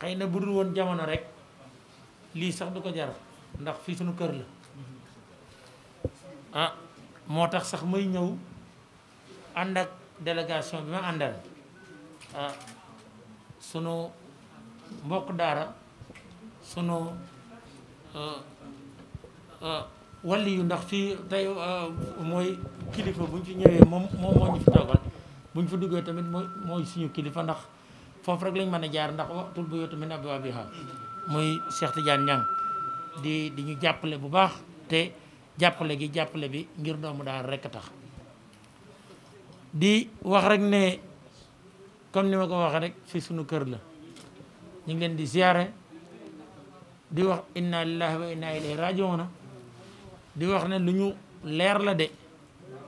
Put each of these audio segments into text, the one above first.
xeyna na bu jamono rek li sax du ko jar ndax fi sunu kër la ah motax sax may ñew ànd ak délégation bi ma andal ah sunu mbokk dara sunu ah, ah, wali yu ndax ah, fi tay moy kilifa buñ fi ñewé mom mom moo ñu fi toogal buñ fi duggé tamit moy suñu kilifa ndax foofu rek lañ mën a jaar ndax waxtul bu yootu min abwaabiha muy Cheikh Tidiane Niang di di ñu jàppale bu baax te jàppale gi jàppale bi ngir doomu daal rek tax di wax rek ne comme ni ma ko waxee rek fi sunu kër la ñu ngi leen di ziare di wax inna lillahi wa inna ilayhi di wax ne lu ñu leer la de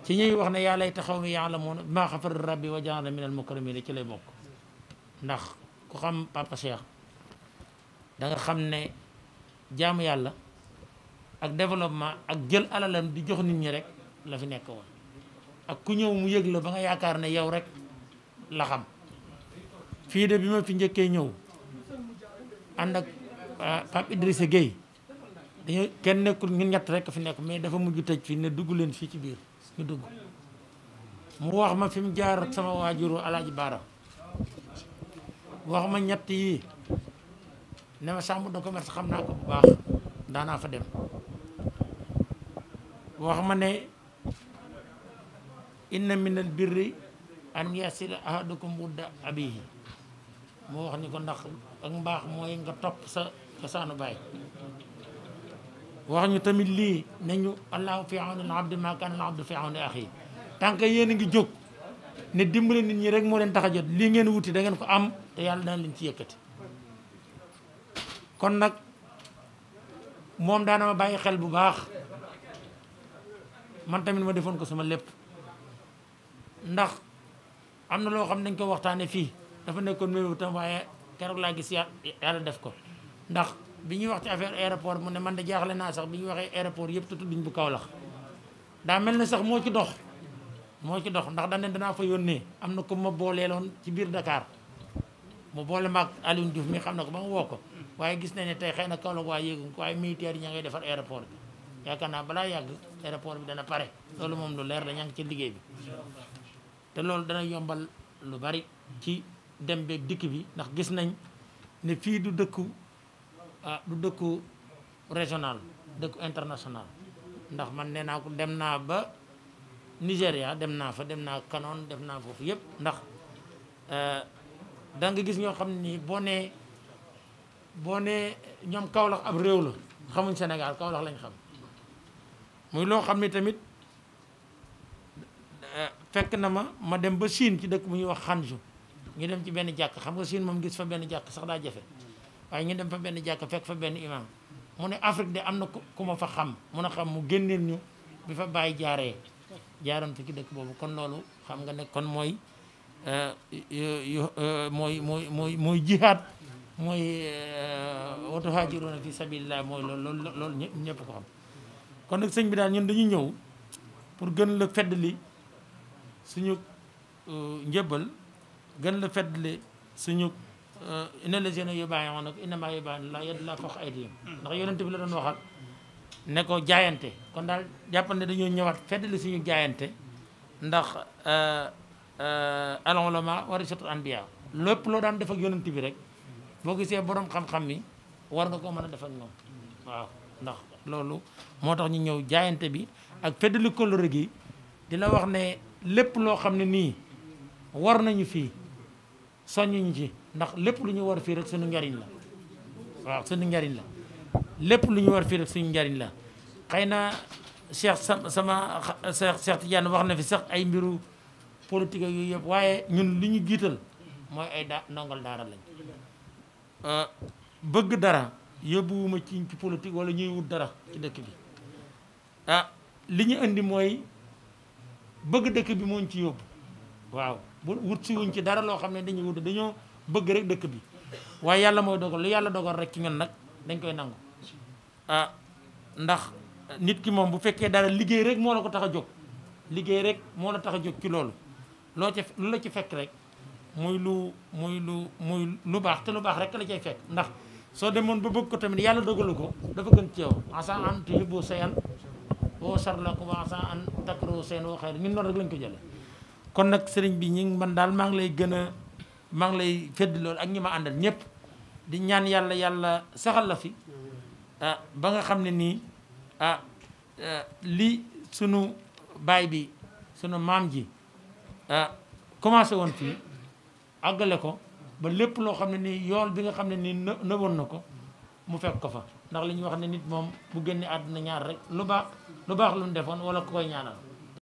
ci ñuy wax ne yaa lay taxaw mi ya'lamuuna maa xafara rabbi wa ja'alani minal mukramiin ci lay bokk ndax ku xam papa Cheikh danga xam ne jaamu yàlla ak développement ak jël alalam di jox nit ñi rek la fi nekk woon ak ku ñëw mu yëg la ba nga yaakaar ne yow rek la xam fii de bi ma fi njëkkee ñëw ànd ak ah, Pape Idrissa géey dañu kenn nekkul ñun ñett rek fi nekk mais dafa mujj tëj fii ne dugg leen fii ci biir ñu dugg mu wax ma fi jaar sama waajuru alaaji Baara waxuma ñett yi ne ma chambre de commerce xam ko bu baax daanaa fa dem waxuma ne inna al birri an yasila ahadukum wudda abihi mo wax ni ko ndax ak mbax moy nga top sa cosaanu bay wax ñu tamit li ne allah allahu fi awnil abdi ma kaana al abdu fi akhi axi tànk ngi jog ne dimbali nit ñi rek mo leen tax jot ngeen wuti da ngeen ko am te yalla dana leen ci yëkëti kon nag moom daana ma bayyi xel bu baax man tamit ma defoon ko sama lepp ndax am lo loo xam dañ ko waxtane fi dafa nekkon meewu tam waye kérok la gis yalla def ko ndax biñu ñuy wax ci affaire aéroport mu ne man de jaxlé na sax biñu waxé aéroport yépp te bu Kaolack daa sax mo ci dox moo ci dox ndax daan danaa fa yónnee am na ko ma booleeloon ci biir Dakar mu boole maak alin Diouf mi xam na ko ba mu woo ko waaye gis nañ ne tey xëy na Kaolack waa yéegu ko waaye militaire yi ña ngay defar aéroport bi yaakaar naa balaa yàgg aéroport bi dana pare loolu moom lu leer la ña ngi ci liggéey bi te loolu dana yombal lu bari ci dem beeg dikk bi ndax gis nañ ne fii du dëkku ah du dëkku régional dëkku international ndax man nee naa ko dem naa ba Nigéria dem naa fa dem naa Cameroun dem naa foofu yëpp ndax eh, da nga gis ñoo xam ni boo nee boo nee ñoom Kaolack ab réew la xamuñ senegal Kaolack lañ xam muy loo xam ni tamit eh, fekk na ma ma dem ba Chine ci dëkk mu ñuy wax Xanju ñu dem ci benn jàkk xam nga Chine moom gis fa benn jàkk sax daa jafe waaye ñu dem fa benn jàkk fekk fa benn imam mu ne Afrique de am na ku ma fa xam mun a xam mu génneel ñu bi fa bàyyi jaaree jaarantu ci dëkk boobu kon loolu xam nga nekk kon mooy eh, eh, mooy mooy mooy mooy jihaad mooy watu eh, haajiruuna fi sabilillah mooy loolu loolu ñëpp ko xam kon nag sëñ bi daal ñun dañu ñëw pour gën la feddali suñu njëbbal gën la feddali suñu inna lazina yubayi'unaka innamaa yubayi'unallaha yadullahu fawqa aydihim ndax yonent bi la doon waxal ne ko jaayante kon daal jàppal ne dañoo ñëwaat feddali suñu jaayante ndax euh, euh, al ulama warasatul anbiya lépp loo daan def ak yonent bi rek boo gisee boroom xam-xam mi war nga koo mën a def ak waaw ndax loolu moo tax ñu ñëw jaayante bi ak feddali kóllëre gi di la wax ne lépp loo xam ne nii war nañu fii soññuñu ci ndax lépp lu ñu war fii rek suñu njariñ la waaw suñu njariñ la lépp lu ñu war fii rek suñu njariñ la xëy naa Cheikh sama sama Cheikh Tidiane wax na fi sax ay mbiru politique ak yooyu yëpp waaye ñun li ñu giital mooy ay da nongol daara lañ euh, bëgg dara yóbbuwuma ci ci politique wala ñuy wut dara ci dëkk bi ah li ñu indi mooy bëgg dëkk bi mooñ ci yóbbu waaw bu wut si wuñ ci dara loo xam ne dañuy wut dañoo bëgg rek dëkk bi waaye yàlla mooy dogal lu yàlla dogal rek ci ñun nag dañ koy nangu Ah, ndax nit ki mom bu fekke dara liggey rek mo la ko taxa jog liggey rek mo la taxa jog ci loolu lo ci lu la ci fek rek muy lu muy lu muy lu bax te lu bax rek la cay fek ndax so demone ba bëgg ko tamit yalla dogalu ko dafa gën ci yow asa an tuhibbu shay'an wa sarlakum wa asa an takru shay'an wa khayr min non rek lañ ko jële kon nak serigne bi ñi man dal ma ngi lay gëna ma lay fedd lool ak ñima ma ñepp di ñaan yalla yalla saxal la fi Ah, ba nga xam ne nii ah eh, li sunu baay bi sunu maam ji ah commencé woon fii àggale ko ba lépp loo xam ne nii yool bi nga xam ne nii nëboon na ko mu fekk ko fa ndax li ñuy wax ne nit moom bu génnee àdduna ñaar rek lu baax lu baax lu mu defoon wala ku koy ñaanal